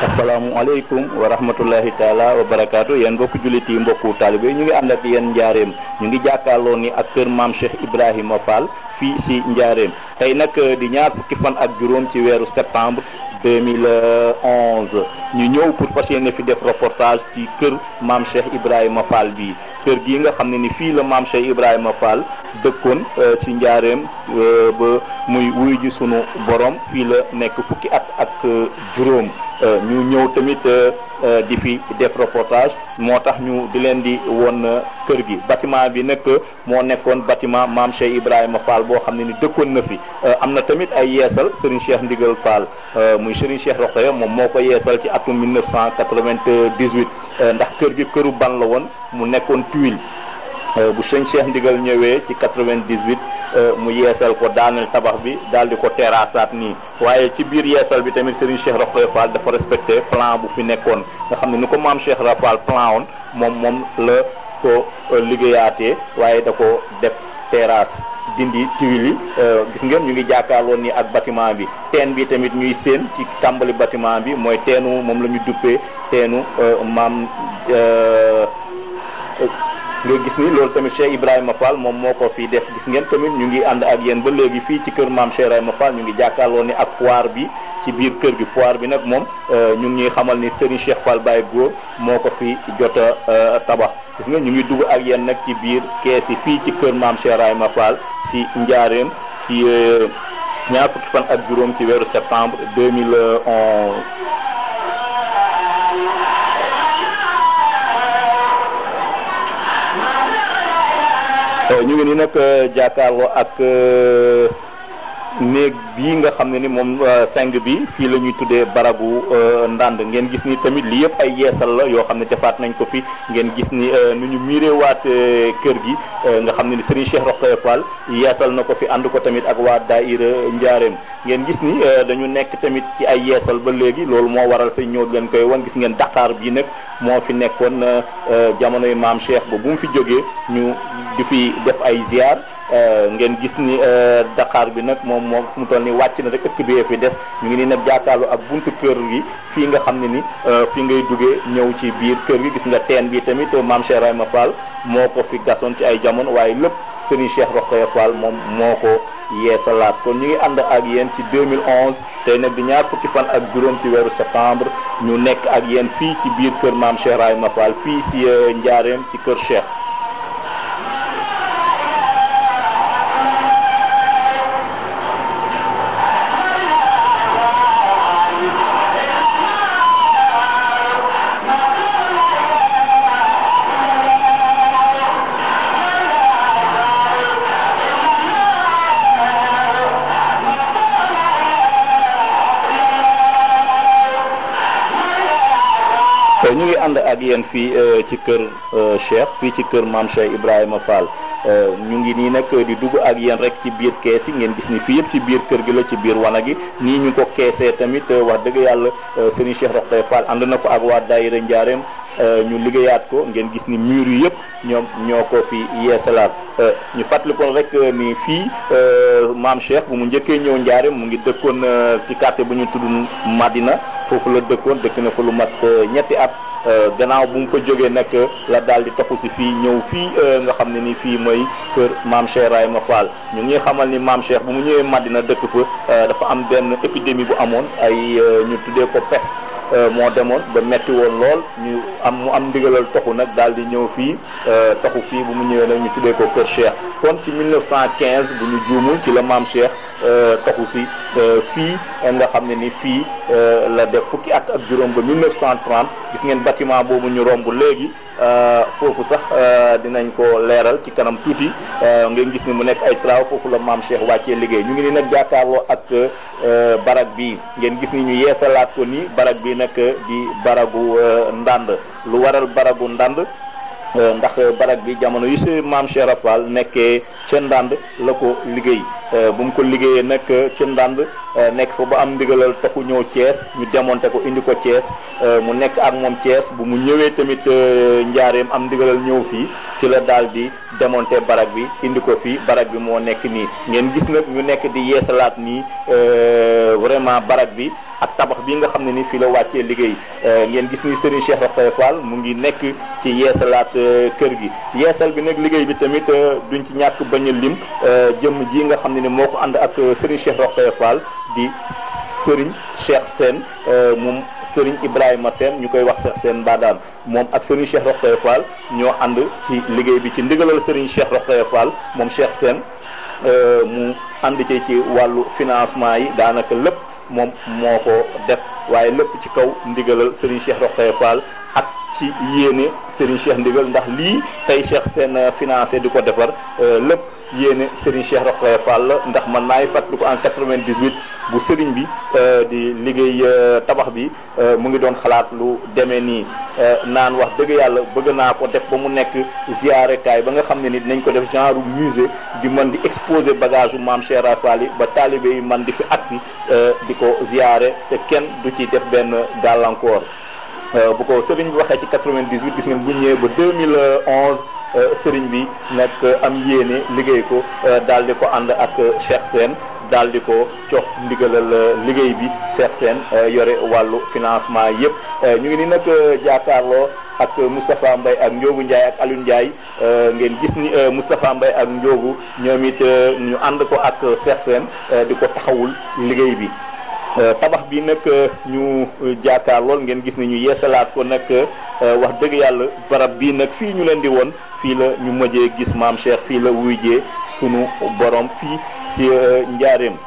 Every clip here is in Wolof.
asalaamualeykum wa rahmatullahi taala wa barakaatu yéen mbokku jullit yi mbokku taalibe ñu ngi am ak yéen njaareem ñu ngi jàkkaarloo ni ak kër maam Cheikh Ibrahima Fall fii si njaareem tey nag euh, di ñaar fukki fan ak juróom ci weeru septembre 2011 ñu ñëw pour fas yéene fi def reportage ci kër maam Cheikh Ibrahima Fall bii kër gii nga xam ne ni fii la maam Cheikh Ibrahima Fall dëkkoon si euh, njaareem euh, ba muy wuy ji sunu borom fii la nekk fukki at ak juróom Euh, ñu ñëw tamit euh, euh, di fi def reportage moo tax ñu di leen di woon kër gi bâtiment bi nag moo nekkoon bâtiment maam Cheikh Ibrahima Fall boo xam ne ni dëkkoon na fi am na tamit ay yeesal Serigne Cheikh Ndigal Fall muy Serigne Cheikh Rokhaya moom moo ko yeesal ci atum 1998 ndax kër gi këru ban la woon mu nekkoon tuile Euh, bu sëñ Cheikh Ndigal ñëwee ci 98 euh, mu yeesal ko daaneel tabax bi daal di ko terrassaat nii waaye ci biir yeesal bi tamit Serigne Cheikh Rafaal Fall dafa respecté plan bu fi nekkoon nga xam ne ni ko maam Cheikh Rafaal plan woon moom moom la ko euh, liggéeyaatee waaye da ko def terrasse dindi tuiles yi gis ngeen ñu ngi jàkkaarloo nii ak batiment bi teen bi tamit ñuy séen ci tàmbali batiment bi mooy teenu moom la ñu duppee teenu maam. nga gis ni loolu tamit Cheikh Ibrahima Fall moom moo ko fii def gis ngeen tamit ñu ngi ànd ak yéen ba léegi fii ci kër maam Cheikh Ibrahima Fall ñu ngi jàkkaarloo ni ak foire bi ci biir kër gi foire bi nag moom euh, ñu ngi ñuy xamal ni Serigne Cheikh Fall baay Góor moo ko fi jot a euh, tabax gis nga ñu ngi dugg ak yéen nag ci biir kees yi fii ci kër maam Cheikh Ibrahima Fall si njaareem si euh, ñaar fukki fan ak juróom ci weeru septembre 2011 ñu ngi nii nag euh, jàkkaarloo ak. Euh, néeg bii nga xam ne ni moom euh, seng bi fii la ñuy tuddee baragu euh, ndànd ngeen gis ni tamit li yëpp ay yeesal la yoo xam ne defaat nañ ko fi ngeen gis ni euh, nu ñu miireewaat kër gi nga xam ne ni Serigne Cheikh Rokhaya Fall yeesal na ko fi ànd ko tamit ak waa Daïra Njaareem ngeen gis ni dañu nekk tamit ci ay yeesal ba léegi loolu moo waral sa ñëw leen koy wan gis ngeen daqaar bii nag moo fi nekkoon jamonoy maam Cheikh ba bu mu fi jóge ñu di fi def ay ziar. Euh, ngeen gis ni euh, Dakar bi nag moom moom fu mu toll nii wàcc na rek ëkk bi fi des ñu ngi nii nag jàkkaarloo ak buntu kër gi fii nga xam ne ni euh, fii ngay duggee ñëw ci biir kër gi gis nga teen bi tamit maam Cheikh Rahma Fall moo ko fi gasoon ci ay jamono waaye lépp Serigne Cheikh Rokhaya Fall moom moo ko yee salaat kon ñu ngi ànd ak yéen ci 2011 tey nag bi ñaar fukki fan ak juróom ci weeru septembre ñu nekk ak yéen fii ci biir kër maam Cheikh Rahma fii si Njaareem ci kër Cheikh. ànd ak yéen fii euh, ci kër euh, Cheikh fii ci kër maam Cheikh Ibrahima Fall euh, ñu ngi nii nekk di dugg ak yéen rek ci biir kees yi ngeen gis ni fii yëpp ci biir kër gi la ci biir wana gi nii ñu ko keesee tamit wax dëgg yàlla sëriñ Cheikh Roqe Fall ànd na ko ak waa daayira Njaareem ñu liggéeyaat ko ngeen gis ni mur yi yëpp ñoom ñoo ko fi yeesalaat ñu fàttalikoon rek ni fii maam Cheikh bu mu njëkkee ñëw Njaareem mu ngi dëkkoon ci quartier bu ñu tudd Madina foofu la dëkkoon dëkk na fa lu mat ñetti at. Euh, gannaaw bu mu fa jógee nag la daal di toxu si fii ñëw fii euh, nga xam ne ni fii mooy kër maam Cheikh Ibrahima Fall ñu ngi xamal ni maam Cheikh bu mu ñëwee Madina dëkk fa euh, dafa am benn épidémie bu amoon ay ñu tuddee ko peste moo demoon ba metti woon lool ñu am mu am ndigalal toxu nag daal di ñëw fii toxu fii bu mu ñëwee nag ñu tuddee ko kër Cheikh kon ci 1915 bu ñu juumul ci la maam Cheikh euh, toxu si euh, fii nga xam ne ni fii euh, la def fukki at ak juróom ba 1930 gis ngeen batiment boobu ñu romb léegi foofu sax dinañ ko leeral ci kanam tuuti ngeen gis ni mu nekk ay travaux foofu la maam Cheikh wàccee liggéey ñu ngi ni nag jàkkaarloo ak barak bi ngeen gis ni ñu yeesalaat ko ni barak bi nag di baragu ndànd lu waral baragu ndànd Euh, ndax euh, barag bi jamono yi si maam Cheikh Ibra Fall nekkee ca ndànd la ko liggéey euh, bu mu ko liggéeyee nag ca ndànd nekk fa ba am ndigalal taxu ñëw Thiès ñu démonté ko indi ko Thiès mu nekk ak moom Thiès bu mu ñëwee tamit njaareem am ndigalal ñëw fii ci la daal di démonter barak bi indi ko fii barak bi moo nekk nii ngeen gis nag ñu nekk di yeesalaat nii euh, vraiment barak bi ak tabax bi nga xam ne ni fii la wàccee liggéey euh, ngeen gis ni Serigne Cheikh Rafaay mu ngi nekk ci yeesalaat euh, kër gi yeesal bi nag liggéey bi tamit duñ ci ñàkk bañ a lim jëmm ji nga xam ne ni moo ko ànd ak Serigne Cheikh Rafaay Fall di Serigne Cheikh Sène moom Serigne Ibrahima Sène ñu koy wax Cheikh Sène Badane moom ak Serigne Cheikh Rokhaya Fall ñoo ànd ci liggéey bi ci ndigalal Serigne Cheikh Rokhaya Fall moom Cheikh Sène euh, mu ànd ci ci wàllu financement yi daanaka lépp moom moo ko def waaye lépp ci kaw ndigalal Serigne Cheikh Rokhaya ak ci yéene Serigne Cheikh ndigal ndax lii tey Cheikh seen financé di ko defar euh, lépp. yéene Serigne Cheikh Rokhaya Fall ndax man maay fàttaliku en 98 bu Serigne bi euh, di liggéey euh, tabax bi euh, mu ngi doon xalaat lu demee nii naan wax dëgg yàlla bëgg naa ko def ba mu nekk ziarekaay ba nga xam ne ni dinañ ko def genre musée di man di exposer bagage u maam Cheikh a Fall ba taalibe yi man di fi agsi di ko ziare te kenn du ci def benn gàllankoor bu ko Serigne bi waxee ci 98 gis ngeen bu ñëwee ba 2011. Euh, sëriñ bi nag euh, am yéene liggéey ko euh, daal di ko ànd ak Cheikh Sène daal ko jox ndigalal liggéey bi Cheikh Sène yore wàllu financement yépp ñu ngi nii nag jàkkaarloo ak Moustapha mbay ak Ndiogu Ndiaye ak Alioune Ndiaye ngeen gis ni Moustapha Mbaye ak Ndiogu ñoom it ñu ànd ko ak Cheikh Sène di ko taxawul liggéey bi Euh, tabax bi nag euh, ñu euh, jaakaar lool ngeen gis ne ñu yesalaat ko nag wax dëgg yàlla barab bi nag fii ñu leen di woon fii la ñu mëjee gis maam Cheikh fii la wuyjee sunu borom fii si njaareem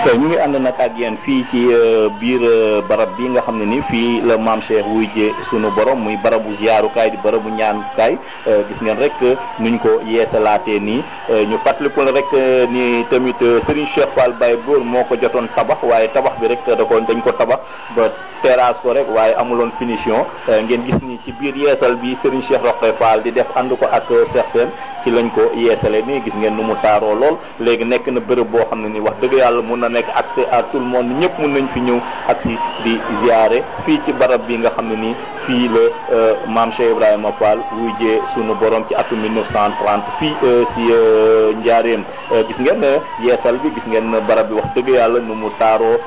tey ngi ànd nag ak yéen fii ci euh, biir euh, barab bi nga xam ne ni fii la maam Cheikh wuy jee sunu boroom muy barabu ziyaarukaay di barabu ñaanukaay euh, gis ngeen rek nuñ ko yeesalaatee nii ñu fàttalikul rek ni tamit Serigne Cheikh Fall Baye Góor moo ko jotoon tabax waaye tabax bi rek da ko dañ ko tabax ba terrasse ko rek waaye amuloon finition ngeen gis ni ci biir yeesal bi Serigne Cheikh Roqe Fall di def ànd ko ak Cheikh Sène ci lañ ko yeesalee nii gis ngeen nu mu taaroo lool nekk accès à tout le monde ñëpp mën nañ fi ñëw ak si di ziare fii ci barab bi nga xam ne nii fii la euh, maam Cheikh Ibrahima Fall wujjee sunu borom ci atum 1930 fii euh, si euh, njaareem gis ngeen yeesal bi gis ngeen barab bi wax dëgg yàlla nu mu taaroo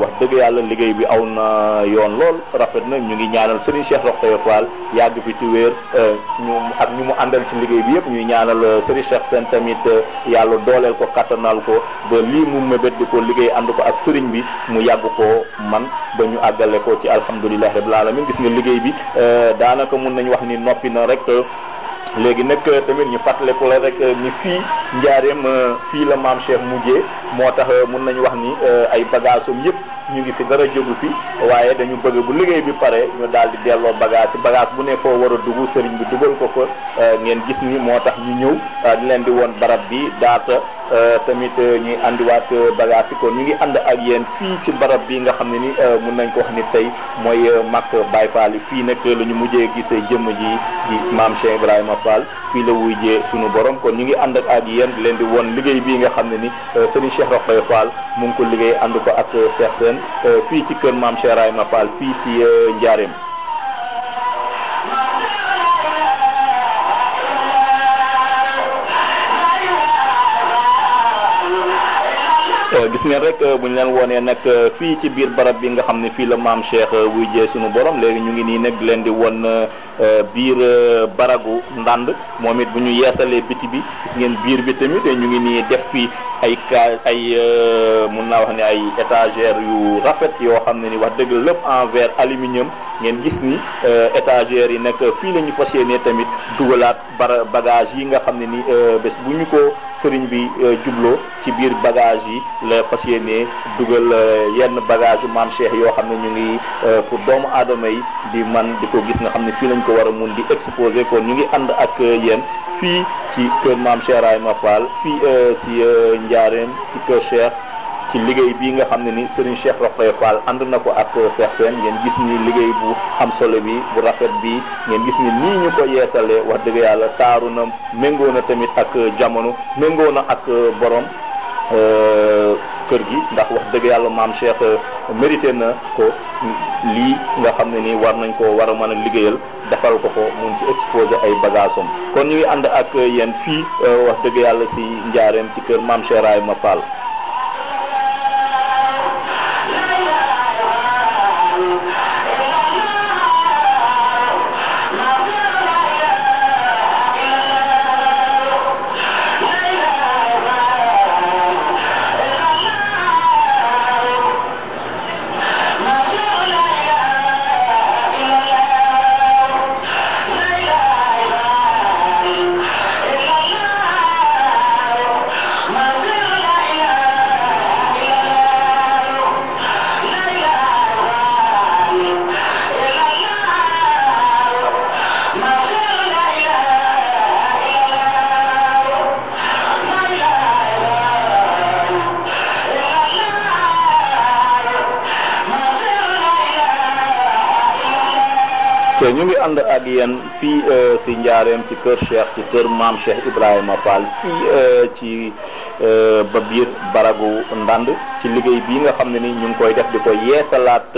wax dëgg yàlla liggéey bi aw na yoon lool rafet na ñu ngi ñaanal Serigne Cheikh Rokhaya Fall yàgg fi ci wér ñu ak ñu mu àndal ci liggéey bi yëpp ñuy ñaanal Serigne Cheikh seen tamit yàlla dooleel ko kattanal ko ba lii mu mébét di ko liggéey ànd ko ak sëriñ bi mu yàgg koo man ba ñu àggale ko ci alhamdulilahi rabil alamin gis nga liggéey bi euh, daanaka mun nañu wax ni noppi na rek léegi nag euh, tamit ñu fàttaleku la rek euh, ni fii njaareem fii la maam Cheikh mujjee moo tax mun nañu wax ni ay bagage am yëpp ñu ngi fi dara jógu fi waaye dañu bëgg bu liggéey bi pare ñu daal delloo bagage yi bagage bu ne foo war a dugg sëriñ bi dugal ko fa ngeen gis ni moo tax ñu ñëw leen di woon barab bi daata Euh, tamit euh, ñuy àndiwaat euh, bagage yi kon ñu ngi ànd ak yéen fii ci barab bii nga xam ne ni mun nañ ko wax ni tey mooy mag Baye yi fii nag la ñu mujjee gisee jëmm ji di maam Cheikh Ibrahima Fall fii la wujjee sunu borom kon ñu ngi ànd ak yéen leen di won liggéey bii nga xam ne ni Serigne Cheikh Rokhaya Fall mu ngi ko liggéey ànd ko ak Cheikh Sène fii ci kër maam Cheikh Ibrahima Fall fii si Njaareem gis ngeen rek euh, bu ñu leen woonee nag euh, fii ci biir barab bi nga xam ne fii la maam Cheikh euh, wuy jee sunu borom léegi ñu ngi nii nag leen di won biir baragu ndànd moom it bu ñu yeesalee biti bi gis ngeen biir bi tamit ñu ngi nii def fii ay ka ay mun naa wax ne ay étagère yu rafet yoo xam ne ni wax dëgg lépp en verre aluminium ngeen gis ni étagères yi nag fii lañu ñu fas tamit dugalaat bara bagage yi nga xam ne ni bés bu ñu ko sëriñ bi euh, jubloo ci biir bagage yi la fas yéenee dugal euh, yenn bagage yu maam Cheikh yoo xam ne ñu ngi euh, pour doomu aadama yi di man di ko gis nga xam ne fii lañ ko war a mun di exposé kon ñu ngi ànd ak yéen fii ci kër maam Cheikh Rahima Fall fii si Njaareem ci kër Cheikh. ci liggéey bii nga xam ne ni Serigne Cheikh Rokhaya Fall ànd na ko ak Cheikh Sène ngeen gis ni liggéey bu am solo bi bu rafet bi ngeen gis ni nii ñu ko yeesalee wax dëgg yàlla taaru na méngoo na tamit ak jamono méngoo na ak borom euh, kër gi ndax wax dëgg yàlla maam Cheikh euh, mérité na ko lii nga xam ne ni war nañ ko war a mën a liggéeyal defal ko ko mun ci exposé ay bagages am kon ñu ànd ak yéen fii euh, wax dëgg yàlla si njaareem ci kër maam Cheikh Rahima Fall ñu ngi ànd ak yenn fii euh, si njaareem ci kër Cheikh ci kër maam Cheikh Ibrahima Fall fii euh, ci euh, ba biir baragu ndànd ci liggéey bi nga xam ne ni ñu ngi koy def di ko yeesalaat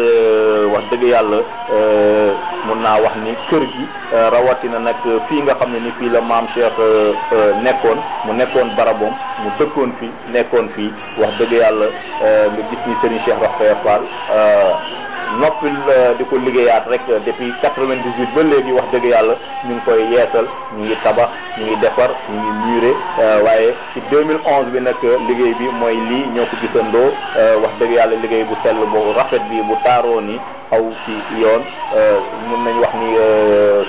wax dëgg yàlla mun naa wax ni kër gi rawatina nag fii nga xam ne ni fii la maam Cheikh nekkoon mu nekkoon barabom mu dëkkoon fii nekkoon fii wax dëgg yàlla nga gis ni Serigne Cheikh Rafaye Fall. noppil euh, di ko liggéeyaat rek euh, depuis 98 ba léegi wax dëgg yàlla ñu ngi koy yeesal ñu ngi tabax ñu ngi defar ñu ngi muré euh, waaye ci 2011 bi nag liggéey bi mooy lii ñoo ko gisandoo wax dëgg yàlla liggéey bu sell bu rafet bi bu taaroo ni aw ci yoon mun nañu wax ni.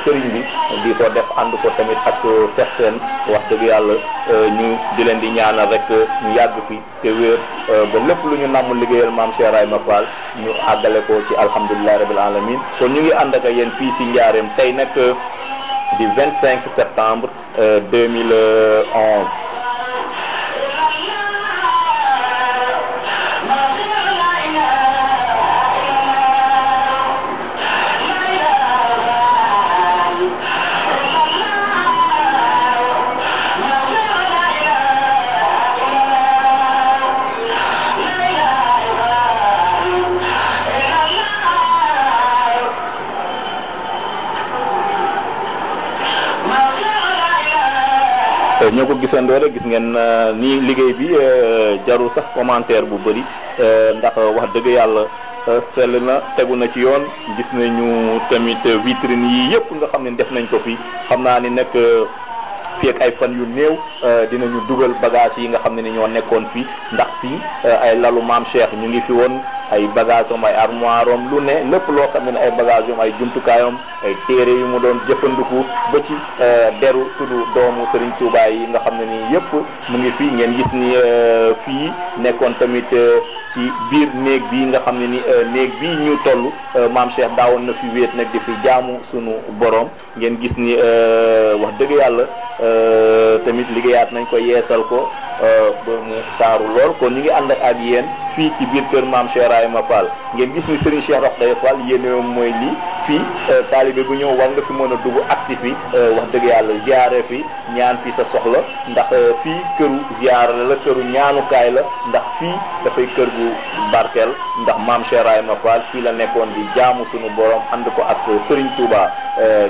sëriñ bi bii ko def ànd ko tamit ak euh, Cheikh Sène wax dëgg yàlla euh, ñu di leen di ñaanal rek euh, ñu yàgg fi te wéer ba lépp lu ñu namm liggéeyal maam Cheikh Ibrahima Fall ñu àggale ko ci alhamdulilah rabil alamin kon ñu ngi ànd ak yéen fii si njaareem tey nag di 25 septembre 2011. Euh, ñoo ko gisandoo rek gis ngeen euh, nii liggéey bi euh, jarul sax commentaire bu bëri ndax wax dëgg yàlla sell na tegu na ci yoon gis nañu tamit vitrine yi yëpp nga xam ne def nañ ko fi xam naa ni nag. fii ay fan yu néew euh, dinañu dugal bagage yi nga xam ne ni ñoo nekkoon fii ndax fii euh, ay lalu maam Cheikh ñu ngi fi woon ay bagage am ay armoire lu ne lépp loo xam ne ne ay bagage ay jumtukaayam ay téere yu mu doon jëfandiku ba ci euh, deru tudd doomu Serigne Touba yi nga xam ne nii yëpp mu ngi fii ngeen gis ni fii nekkoon tamit ci biir néeg bi nga xam ne ni euh, néeg bi ñu toll euh, maam Cheikh daawoon na fi wéet nag di fi jaamu sunu borom ngeen gis ni euh, wax dëgg yàlla tamit liggéeyaat nañ ko yeesal ko. Euh, ba mu taaru lool kon ñu ngi ànd ak yéen fii ci biir kër maam Cheikh Ibrahima ngeen gis ni Serigne Cheikh Rokhaya mooy lii fii euh, taalibe bu ñëw war nga fi mën a dugg agsi fi euh, wax dëgg yàlla ziare fi ñaan fi sa soxla ndax fii këru ziar la la ndax fii dafay kër gu barkeel ndax maam Cheikh Ibrahima la nekkoon di jaamu sunu borom ànd ko ak Serigne Touba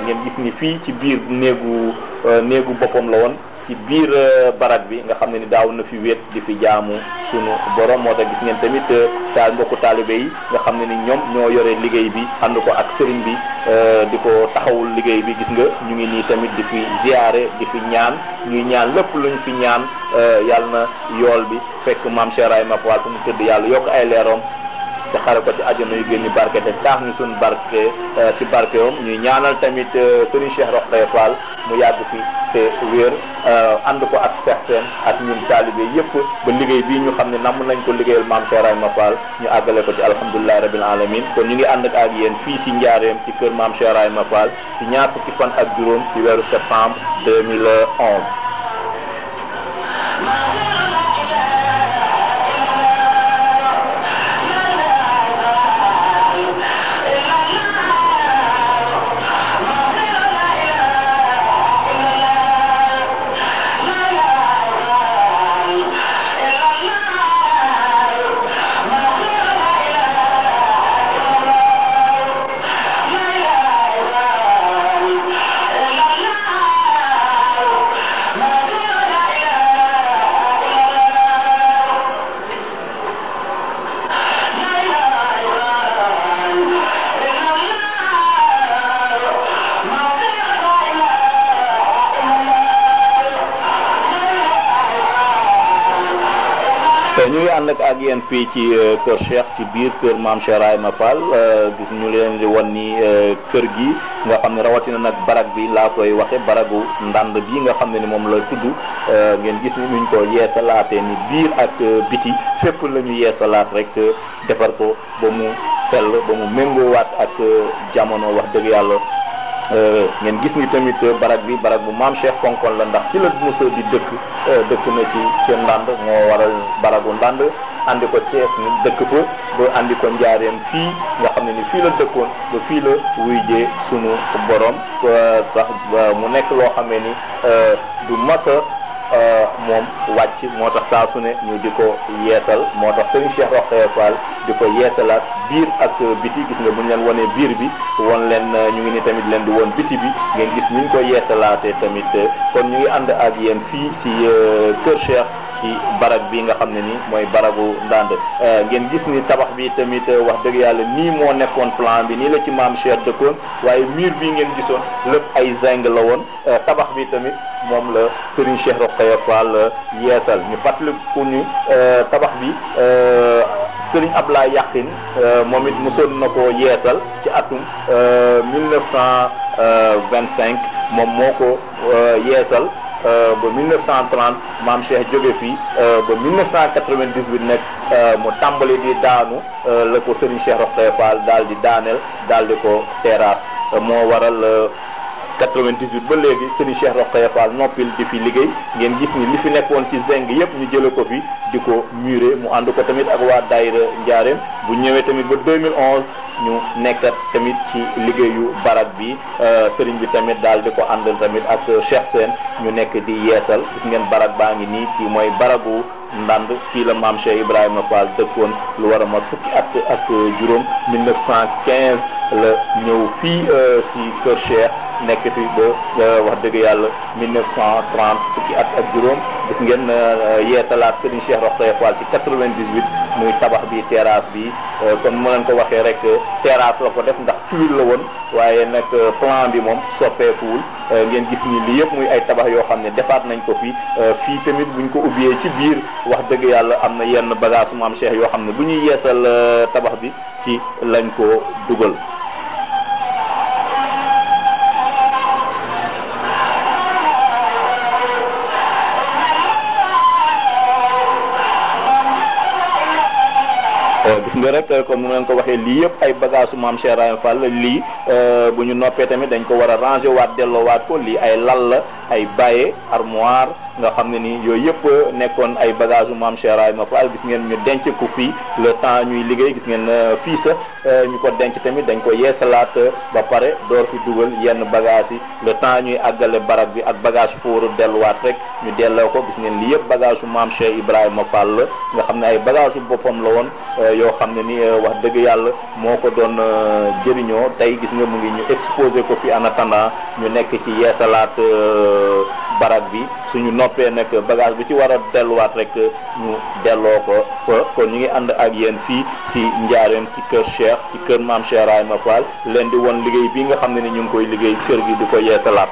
ngeen gis ni fii ci biir néegu néegu boppam la woon. ci biir euh, barak bi nga xam ne ni daaw na fi wéet di fi jaamu sunu borom moo tax gis ngeen tamit euh, taal mbokku taalibe yi nga xam ne ni ñoom ñoo yore liggéey bi ànd ko ak sëriñ bi euh, di ko taxawul liggéey bi gis nga ñu ngi nii tamit di fi ziyaare di fi ñaan ñuy ñaan lépp luñ fi ñaan yàlla na yool bi fekk maam Cheikh Ibrahima Fall tëdd yàlla yokk ay leeroom ci xare ko ci àjjana yu génn barke te taax ñu suñ barke euh, ci barkeewam ñuy ñaanal tamit euh, Serigne Cheikh Rokhaya Fall mu yàgg fi te wéer euh, ànd ko ak Cheikh Sène ak ñun taalibe yëpp ba liggéey bii ñu xam ne namm nañ ko liggéeyal maam Cheikh Rahima ñu àggale ko ci alhamdulilahi rabil alamin kon ñu ngi ànd ak ak yéen fii si njaareem ci kër maam Cheikh Rahima Fall si ñaar fukki fan ak juróom ci weeru septembre 2011 ñu ànd ak yéen fii ci euh, kër Cheikh ci biir kër maam Cheikh Rahima Fall euh, gis ñu leen di wan ni euh, kër gi nga xam ne rawatina nag barag bi laa koy waxe baragu ndànd bi nga xam ne ni moom la tudd ngeen gis ni nuñ ko yeesalaatee ni biir ak biti fépp lañu yee salaat rek defar ko ba mu sell ba mu méngoowaat ak jamono wax dëgg yàlla. Euh, ngeen gis ni tamit euh, barag bi barag bu maam Cheikh Konkon la ndax ci la Moussa di dëkk euh, dëkk na ci ci ndànd moo waral baragu ndànd andi ko Thiès ni dëkk fa ba andi ko njaareem fii nga xam ne ni fii la dëkkoon ba fii la wuy jee sunu borom mu nekk loo xam ni du masa Euh, moom wàcc moo tax saa su ñu di ko yeesal moo tax sëñ Cheikh Rokhaya Fall di ko yeesalaat biir ak biti gis nga bu leen wanee biir bi won leen euh, ñu ngi nii tamit leen di woon biti bi ngeen gis ni ko yeesalaatee tamit euh, kon ñu ànd ak yéen fii si kër Cheikh. ci barab bi nga xam ne ni mooy barabu ndànd euh, ngeen gis ni tabax bi tamit euh, wax dëgg yàlla nii moo nekkoon plan bi nii la ci maam Cheikh dëkkoon waaye miir bi ngeen gisoon lépp ay zinc la woon euh, tabax bi tamit moom la Serigne Cheikh Rokhaya Fall yeesal ñu fàttaliku ñu tabax bi Serigne Ablaye Yaqin moom it mosoon na ko yeesal ci atum 1925 moom moo ko yeesal Euh, ba 1930 maam Cheikh joge fii euh, ba 1998 nag euh, mu tàmbali di daanu la ko Serigne Cheikh Rokhaya Fall daal di daaneel dal di ko terrasse moo waral 98 ba léegi Serigne Cheikh Rokhaya Fall noppil di fi liggéey ngeen gis ni li fi nekkoon ci zinc yëpp ñu jële ko fi di ko muré mu ànd ko tamit ak waa daayira Njaareem bu ñëwee tamit ba 2011. ñu nekk tamit ci liggéeyu barab bi euh, sëriñ bi tamit daal di ko àndal tamit ak Cheikh Sène ñu nekk di yeesal gis ngeen barab baa ngi nii ci mooy barabu ndand fii la maam Cheikh Ibrahima Fall dëkkoon lu war a mat fukki at ak juróom 1915 la ñëw fii euh, si Kër Cheikh nekk fi ba euh, wax dëgg yàlla 1930 fukki at ak juróom gis ngeen yeesalaat Serigne Cheikh Rokhaya Fall ci 98. muy tabax bi terrasse bi euh, comme ma leen ko waxee rek euh, terrasse la ko def ndax tuile la woon waaye nag euh, plan bi moom soppeekuwul ngeen gis ni lii yëpp muy ay tabax yoo xam ne defaat nañ ko fi fii tamit buñ ko ubbiyee ci biir wax dëgg yàlla am na yenn bagage maam Cheikh yoo xam ne bu ñuy yeesal tabax bi ci lañ ko dugal gis nga rek comme ni ma leen ko waxee lii yëpp ay bagage su maam Cheikh Ibrahima Fall lii Euh, bu ñu noppee tamit dañ ko war a ranger waat delloowaat ko lii ay lal la ay baye armoire nga xam ne ni yooyu yëpp nekkoon ay bagage u maam Cheikh ma Fall gis ngeen ñu denc ko fii le temps ñuy liggéey gis ngeen euh, fii sax euh, ñu ko denc tamit dañ ko yeesa yeesalaat ba pare door fi dugal yenn bagage yi le temps ñuy àggale barak bi ak bagage fóoru delluwaat rek ñu delloo ko gis ngeen lii yëpp bagage u maam Cheikh Ibrahima Fall la nga xam ne ay bagage u boppam la woon yoo xam ne ni wax dëgg yàlla moo ko doon jëriñoo nga mu ngi ñu exposé ko fi en attendant ñu nekk ci yeesalaat euh, barab bi suñu noppee nag bagage bu ci war delluwaat rek ñu delloo ko fa kon ñu ngi ànd ak yéen fii si njaareem ci kër Cheikh ci kër maam Cheikh Rahima Fall leen di won liggéey bi nga xam ne ni ñu ngi koy liggéey kër gi du ko yeesalaat.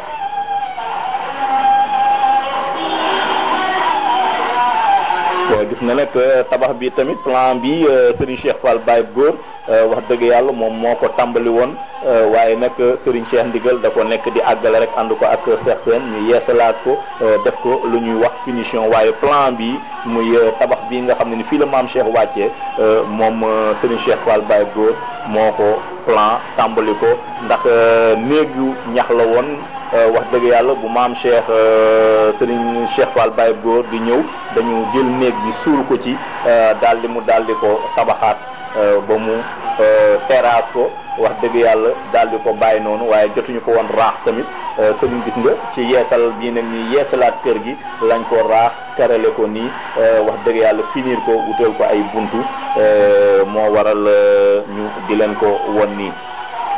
gis na nag euh, tabax bi tamit plan bi euh, Serigne Cheikh Fall Baye Góor. Euh, wax dëgg yàlla moom moo ko tàmbali woon euh, waaye nag Serigne Cheikh Ndigal da ko nekk di àggale rek ànd ko ak Cheikh Sène ñu yeesalaat ko euh, def ko lu ñuy wax finition waaye plan bi muy tabax bi nga xam ne ni fii la maam Cheikh wàccee moom Serigne Cheikh Fall Baye Góor moo ko plan tàmbali ko ndax néegu ñax la woon wax dëgg yàlla bu maam Cheikh Serigne Cheikh Fall Baye Góor di ñëw dañu jël néeg bi suul ko ci daal di mu daal ko tabaxaat. Euh, ba mu euh, terrasse ko wax dëgg yàlla daal di ko bàyyi noonu waaye jotuñu ko woon raax tamit euh, sëriñ gis nga ci yeesal bii nag ñuy yeesalaat kër gi lañ ko raax terale ko nii wax dëgg yàlla finir ko wutal ko ay buntu moo waral ñu di leen ko won nii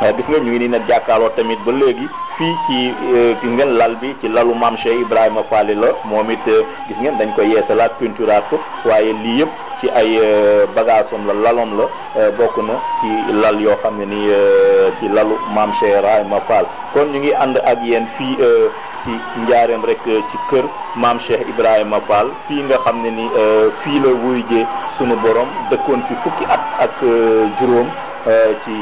Eh, gis nga ñu ngi nii nag jàkkaarloo tamit ba léegi fii ci eh, gis ngeen lal bi ci lalu maam Cheikh Ibrahima Fall la moom it eh, gis ngeen dañ koy yeesalaat peinturaat ko waaye lii yëpp ci ay bagaasam la laloom la bokk na ci lal yoo xam ne nii ci lalu maam Cheikh Ibrahima Fall kon ñu ngi ànd ak yéen fii si njaareem rek ci kër maam ibrahim Ibrahima Fall fii nga xam ne ni fii la wuy jee sunu borom dëkkoon fi fukki at ak juróom ci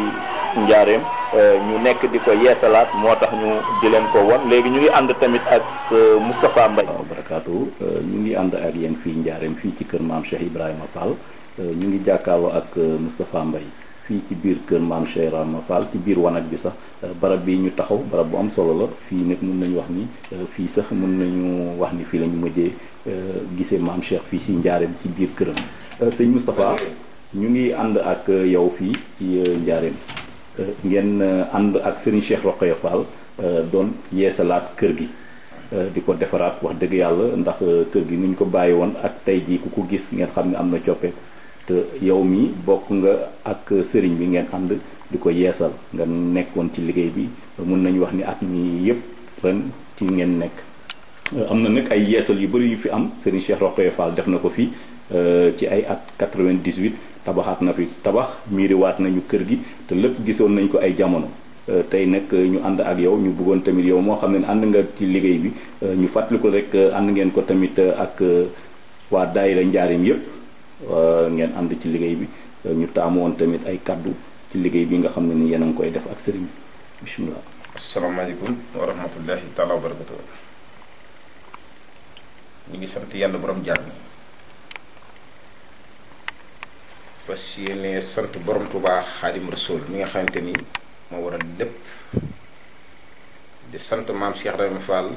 njaareem euh, ñu nekk di ko yeesalaat moo tax ñu di leen ko won léegi ñu ngi ànd tamit ak euh, Moustapha Mbaye waaw barakaatu euh, ñu ngi ànd ak yéen fii njaareem fii ci kër maam Cheikh Ibrahima Fall ñu ngi jàkkaarloo ak Moustapha Mbaye fii ci biir kër maam Cheikh Ibrahima ci biir wanag bi sax barab bi ñu taxaw barab bu am solo la fii nag mun nañu wax ni fii sax mun nañu wax ni fii lañu ñu mujjee gisee maam Cheikh fii si njaareem ci biir këram sëñ Moustapha ñu ngi ànd ak yow fii ci njaareem Euh, ngeen euh, ànd ak Serigne Cheikh Rokhaya Fall euh, doon yeesalaat kër gi di ko defaraat wax dëgg yàlla ndax kër gi ni ñu ko bàyyi woon ak tey jii ku ko gis ngeen xam ne am na coppe te yow mi bokk nga ak Serigne bi ngeen ànd di ko yeesal nga nekkoon ci liggéey bi mun nañu wax ni at mi yépp ren ci ngeen nekk am na nag ay yeesal yu bëri yu fi am Serigne Cheikh Rokhaya Fall def na ko fii ci ay at 98 tabaxaat na fi tabax miiriwaat nañu kër gi te lépp gisoon nañ ko ay jamono euh, tey nag euh, ñu ànd ak yow ñu bëggoon tamit yow moo xam ne ànd nga ci liggéey bi euh, ñu fàttali ko rek ànd ngeen ko tamit ak waa daayira njaarim yépp ngeen ànd ci liggéey bi ñu taamu woon tamit ay kàddu ci liggéey bi nga xam ne ni yéen a ngi koy def ak sëriñ bi bisimilah. asalaamaaleykum wa rahmatullahi taala wa barakatuh ngi sant yàlla boroom jaar fas yéene sant borom Tuubaa Xaadim Rasuul mi nga xamante ni moo waral lépp di sant maam Cheikh Rahma Fall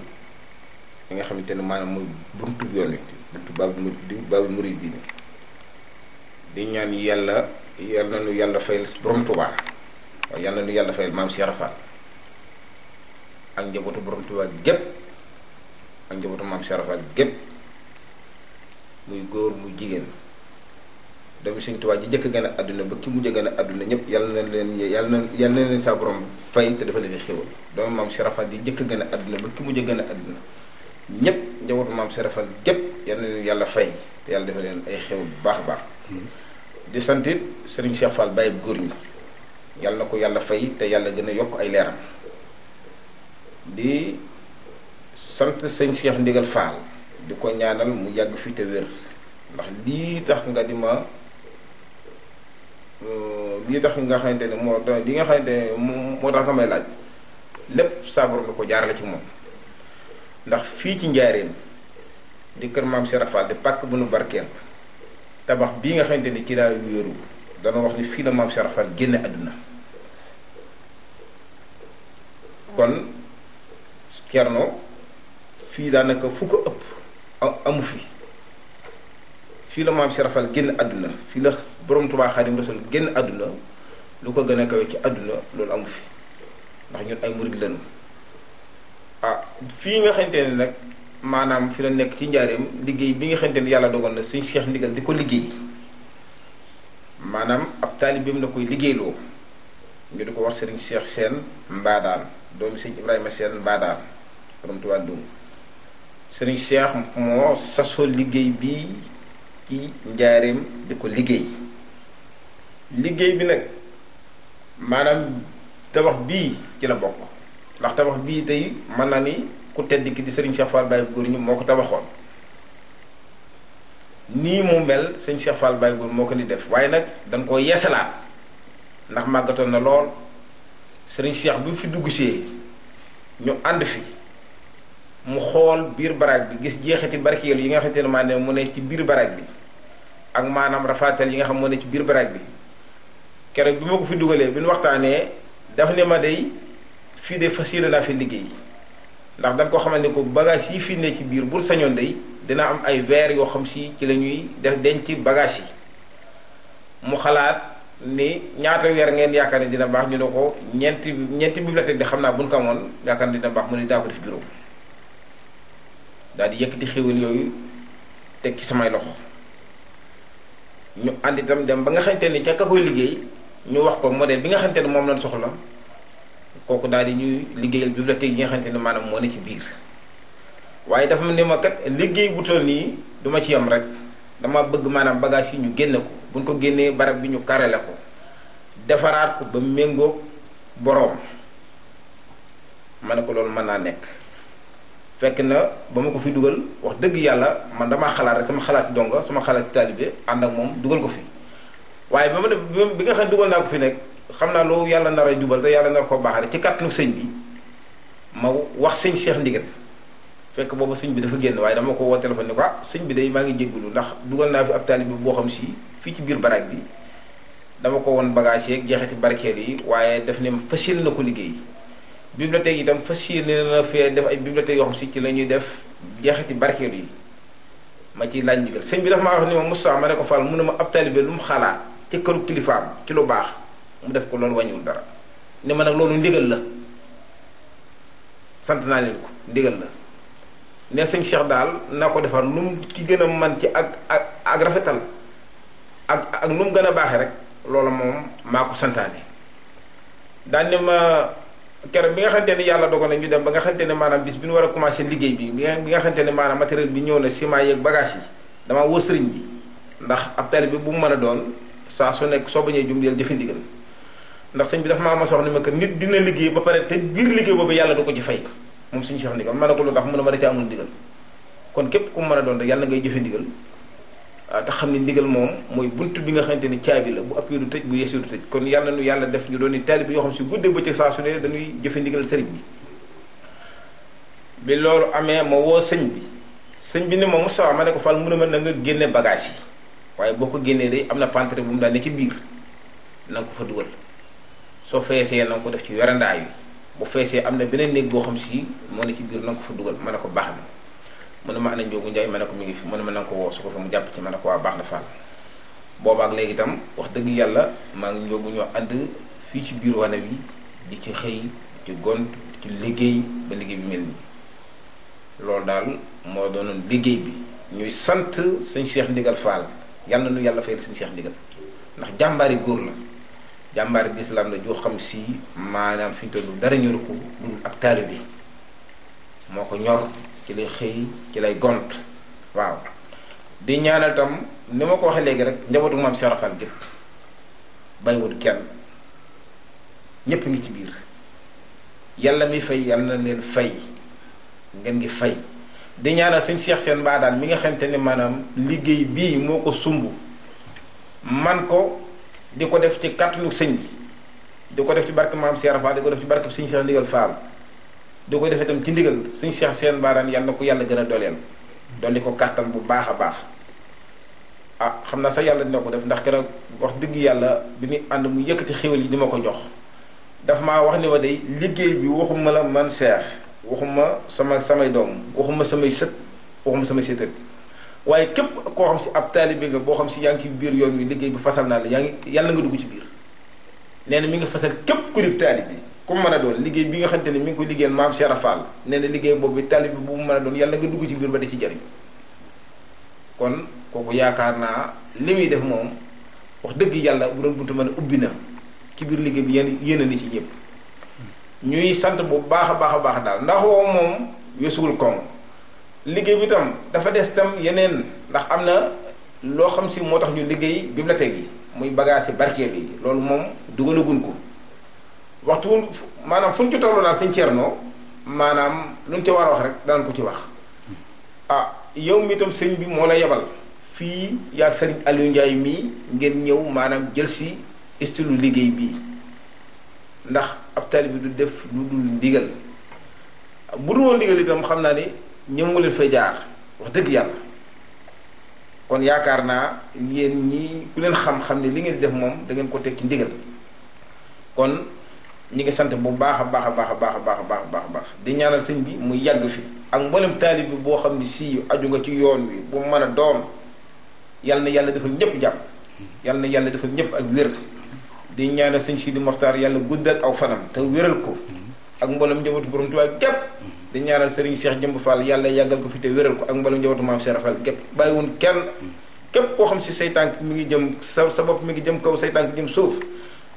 mi nga xamante ni maanaam muy buntu yoon wi buntu mu di baabu murid bi di ñaan yàlla yal na nu yàlla fayal borom Tuubaa waaye na nu yàlla fayal maam Cheikh Rahma ak njabootu borom Tuubaa gépp ak njabootu maam Cheikh Rahma gépp muy góor mu jigéen. doomi sëñ Tuubaa ji njëkk gën a àdduna ba ki mujj gën a àdduna ñëpp yàlla na leen yàlla na yàlla na leen saa borom fay te dafa leen xéwal doomi maam Cheikh Rafal ji njëkk gën a àdduna ba ki mujj gën a àdduna ñëpp njabootu maam Cheikh Rafal gépp yàlla na leen yàlla fay te yàlla dafa leen ay xéwal bu baax a baax di sant it sëriñ Cheikh Fall góor ñi yàlla na ko yàlla fay te yàlla gën a yokk ay leeram di sant sëñ Cheikh Ndigal Fall di ko ñaanal mu yàgg fi te wér ndax lii tax nga di ma Euh, lii tax nga xamante ne moo li nga xamante ne moo tax nga laaj lépp saa borom la ko jaarale ci moom ndax fii ci njaareem di kër maam Serap Fall di pàkk bu nu barkeel tabax bii nga xamante ni ci daal wéeru dana wax ni fii na maam Serap Fall génne àdduna kon Cerno fii daanaka fu ko ëpp amu fi fii la maam si rafal génn àdduna fii la borom Tuubaa Xaadimu Rasuul génn àdduna lu ko gën a kawe ci àdduna loolu amu fi ndax ñun ay murid lañu ah fii nga xamante ne nag maanaam fi la nekk ci njaareem liggéey bi nga xamante ne yàlla dogal na suñ Cheikh Ndigal di ko liggéey maanaam ab taalibeem la koy liggéeyloo ñu di ko wax sëriñ Cheikh Sène Mbadaan doomu sëriñ Ibrahima Sène Mbadaan borom Tuubaa doomu sëriñ Cheikh moo sasoo liggéey bi ci njaareem di ko liggéey liggéey bi nag maanaam tabax bii ci la bokk ndax tabax bii tey mën na ni ku tedd ki di Serigne Cheikh Fall Baye ñi moo ko tabaxoon nii mu mel sëñ Cheikh Fall Baye Góor moo ko ni def waaye nag dañ koo yeesalaat ndax màggatoon na lool sëriñ Cheikh bi fi dugg see ñu ànd fi mu xool biir baraag bi gis ti barkeel yi nga xamante ne maanaam mu ne ci biir baraag bi ak maanaam rafaatal yi nga xam mu ne ci biir baraag bi keneen bi ma ko fi dugalee bi nu waxtaanee daf ne ma day fii de fas yéene naa fi liggéey ndax dañ ko xamal ne ko bagage yi fii ne ci biir bur sañoon dey dina am ay verre yoo xam si ci la ñuy def denc bagage yi mu xalaat ni ñaata weer ngeen yaakaar ne dina baax ñu ne ko ñeenti ñeenti bibliothèque di xam naa buñ ko amoon yaakaar ne dina baax mu ne daa ko def daal di yëkkati xéwal yooyu teg ci samay loxo ñu ànd itam dem ba nga xamante ni ca ka koy liggéey ñu wax ko model bi nga xamante ne moom lañ soxla kooku daal di ñuy liggéeyal bibliothèque yi nga xamante ne maanaam moo ne ci biir waaye dafa ne ma kat liggéey bu toll nii duma ci yam rek dama bëgg maanaam bagage yi ñu génne ko buñ ko génnee barab bi ñu karale ko defaraat ko ba méngoo boroom ma ne ko loolu mën naa nekk fekk na ba ma ko fi dugal wax dëgg yàlla man damaa xalaat rek sama xalaati donga sama xalaati taalibe ànd ak moom dugal ko fi waaye ba ma def bi nga xam ne dugal naa ko fi nekk xam naa loolu yàlla nar jubal te yàlla nar koo baaxale ci kàttanu sëñ bi ma wax sëñ Cheikh Ndigal fekk boobu sëñ bi dafa génn waaye dama ko woo téléphone ni ko ah, bi day maa ngi jégalu ndax dugal naa fi ab taalibe boo xam si fii ci biir baraag bi dama ko woon bagage yeeg jeexati barkeel yi waaye daf ne ma facile na ko liggéey. bibliothèque yi itam fas yéene na fee def ay bibliothèque yoo xam si ci la ñuy def jeexiti barkeelu yi ma ciy laaj ndigal sëñ bi dafa maa wax ni ma Moustapha ma ne ko Fall mu ne ma ab taalibe lu mu xalaat ci këru kilifaam ci lu baax mu def ko loolu wàññiwul dara ne ma nag loolu ndigal la sant naa leen ko ndigal la ne sëñ Cheikh daal naa ko defar lu mu ci gën a man ci ak ak rafetal ak ak nu mu gën a baaxee rek loolu moom maa ko santaane daan ne ma. keroog bi nga xamante ne yàlla dogal na ñu dem ba nga xamante ne maanaam bis bi ñu war a commencé liggéey bi bi nga xamante ne maanaam matériel bi ñëw na ciment yeeg bagage yi damaa woo sëriñ bi ndax ab tali bi bu mu mën a doon saa su nekk soo bañee jum del jëfe ndigal ndax sëñ bi dafa maa ma soxla ma que nit dina liggéey ba pare te biir liggéey boobu yàlla du ko ci fay moom suñu soxla ndigal ma ne ko lu tax mu a ma da ca amul ndigal kon képp ku mu mën a doon rek yàlla ngay jëfe Ah, te xam ne ndigal moom mooy bunt bi nga xamante ni caabi la bu appui du tëj bu yeesu du tëj kon yàlla nu yàlla def ñu doon taalib yoo xam si guddee bëccëg saa su ne dañuy jëfe ndigal sëriñ bi bi loolu amee ma woo sëñ bi sëñ bi ne ma Moustapha ma ne ko Fall mu ne ma na nga génne bagage yi waaye boo ko génnee day am na pantre bu daal ne ci biir na ko fa dugal soo feesee na ko def ci werandaay yi bu feesee am na beneen néeg boo xam si moo ne ci biir na nga ko fa dugal ma ne ko baax na mu ne ma ana Njóogu Njaay ma ne ko mi ngi fi mu ne ma nanga ko woo su ko fi mu jàpp ci ma ne ko waa baax na Fall boobaak léegi itam wax dëgg yàlla maa ngi Njóogu ñoo ànd fii ci biir wane wi di ci xëy ci gont ci liggéey ba liggéey bi mel nii loolu daal moo doonoon liggéey bi ñuy sant sëñ Cheikh Ndigal Fall yàlla nu yàlla fayal sëñ Cheikh Ndigal ndax jàmbaari góor la jàmbaari bi islam la joo xam si maanaam fi ñu toll dara ñor ko dul ak taari bi moo ci lay xëy ci lay gont waaw di ñaanal tam ni ma ko waxee léegi rek njabootu maam Cheikh Rafal gépp bàyyiwul kenn ñépp ngi ci biir yàlla mi fay yàlla na fay ngeen ngi fay di ñaanal sëñ Cheikh seen daan mi nga xamante ni maanaam liggéey bii moo ko sumb man ko di ko def ci kàttanu sëñ bi di ko def ci barke maam Cheikh Rafal di ko def ci barke sëñ Cheikh ndigal Fall di ko defee tam ci ndigal suñ Cheikh seen baaraan yàlla na ko yàlla gën a doleel di ko kàttan bu baax a baax ah xam naa sax yàlla dina ko def ndax keroog wax digg yàlla bi ñu ànd mu yëkkati xéwal yi di ko jox dafa ma wax ni ma day liggéey bi waxuma la man seex waxuma sama samay doom waxuma samay sët waxuma samay sëtët waaye képp koo xam si ab taalibe nga boo xam si yaa ngi ci biir yoon wi liggéey bi fasal naa la yaa ngi yàlla nga dugg ci biir nee na mi ngi fasal képp ku di comme mën a doon liggéey bi nga xamante ne mi ngi koy liggéeyal maam Cheikh Fall nee na liggéey boobu talib bu mu mën a doon yàlla nga dugg ci biir ba di ci jariñ kon kooku yaakaar naa li muy def moom wax dëgg yàlla bu doon buntu mën a ubbi na ci biir liggéey bi yéen yéen a ni ci ñëpp ñuy sant bu baax a baax a baax daal ndax woo moom wesuwul koŋ liggéey bi tam dafa des itam yeneen ndax am na loo xam si moo tax ñu liggéey bibliothèque yi muy bagage yi barkeel yi loolu moom dugalagun ko waxtu wu maanaam fu ñu ci toll daal sëñ noo maanaam lu ñu ci war a wax rek daan ko ci wax ah yow mi itam sëñ bi moo la yebal fii yaa sëriñ Aliou Ndiaye mii ngeen ñëw maanaam jël si istilu liggéey bii ndax ab bi du def lu dul ndigal bu dul woon ndigal itam xam naa ni ñëw nga leen fa jaar wax dëgg yàlla kon yaakaar naa yéen ñi ku leen xam-xam ne li ngeen def moom dangeen ko teg ci ndigal kon. ñi ngi sant bu baax a baax a baax a baax a baax a baax baax di ñaanal sëñ bi mu yàgg fi ak mboolem taalib bi boo xam ne sii aju nga ci yoon wi bu man a doon yal na yàlla defal ñëpp jàmm na yàlla defal ñëpp ak wér di ñaanal sëñ Sidi Moxtaar yàlla guddal aw fanam te wéral ko ak mboolem njabootu borom Tuubaa gépp di ñaanal sëriñ Cheikh Jëmb faal yàlla yàggal ko fi te wéral ko ak mboolem njabootu maam Cheikh Fall gépp bàyyiwun kenn képp koo xam si say tànk mi ngi jëm sa sa bopp mi ngi jëm kaw say tànk jëm suuf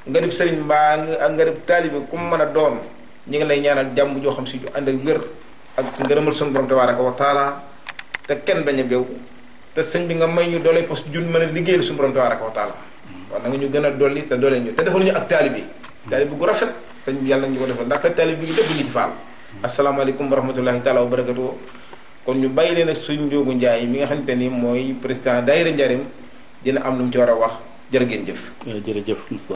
nga def sëriñ mbaa nga def taalibe ku mu mën a doon ñu ngi lay ñaanal jàmm joo xam si ju ànd ak wér ak ngërëmal sunu borom tabaaraka wa taala te kenn bañ a bew te sëñ bi nga may ñu doole parce que jun mën a liggéeyal sunu borom tabaaraka wa taala waaw na ñu gën a dolli te doole ñu te defal ñu ak taalibe taalibe gu rafet sëñ bi yàlla ñu ko defal ndaxte taalibe bi lépp ngi ci faal asalaamaaleykum wa rahmatullahi taala wa barakatu kon ñu bàyyi leen ak suñ njóogu njaay mi nga xamante ni mooy président daayira njarim dina am lu mu ci war a wax jërë ngeen jëf jërëjëf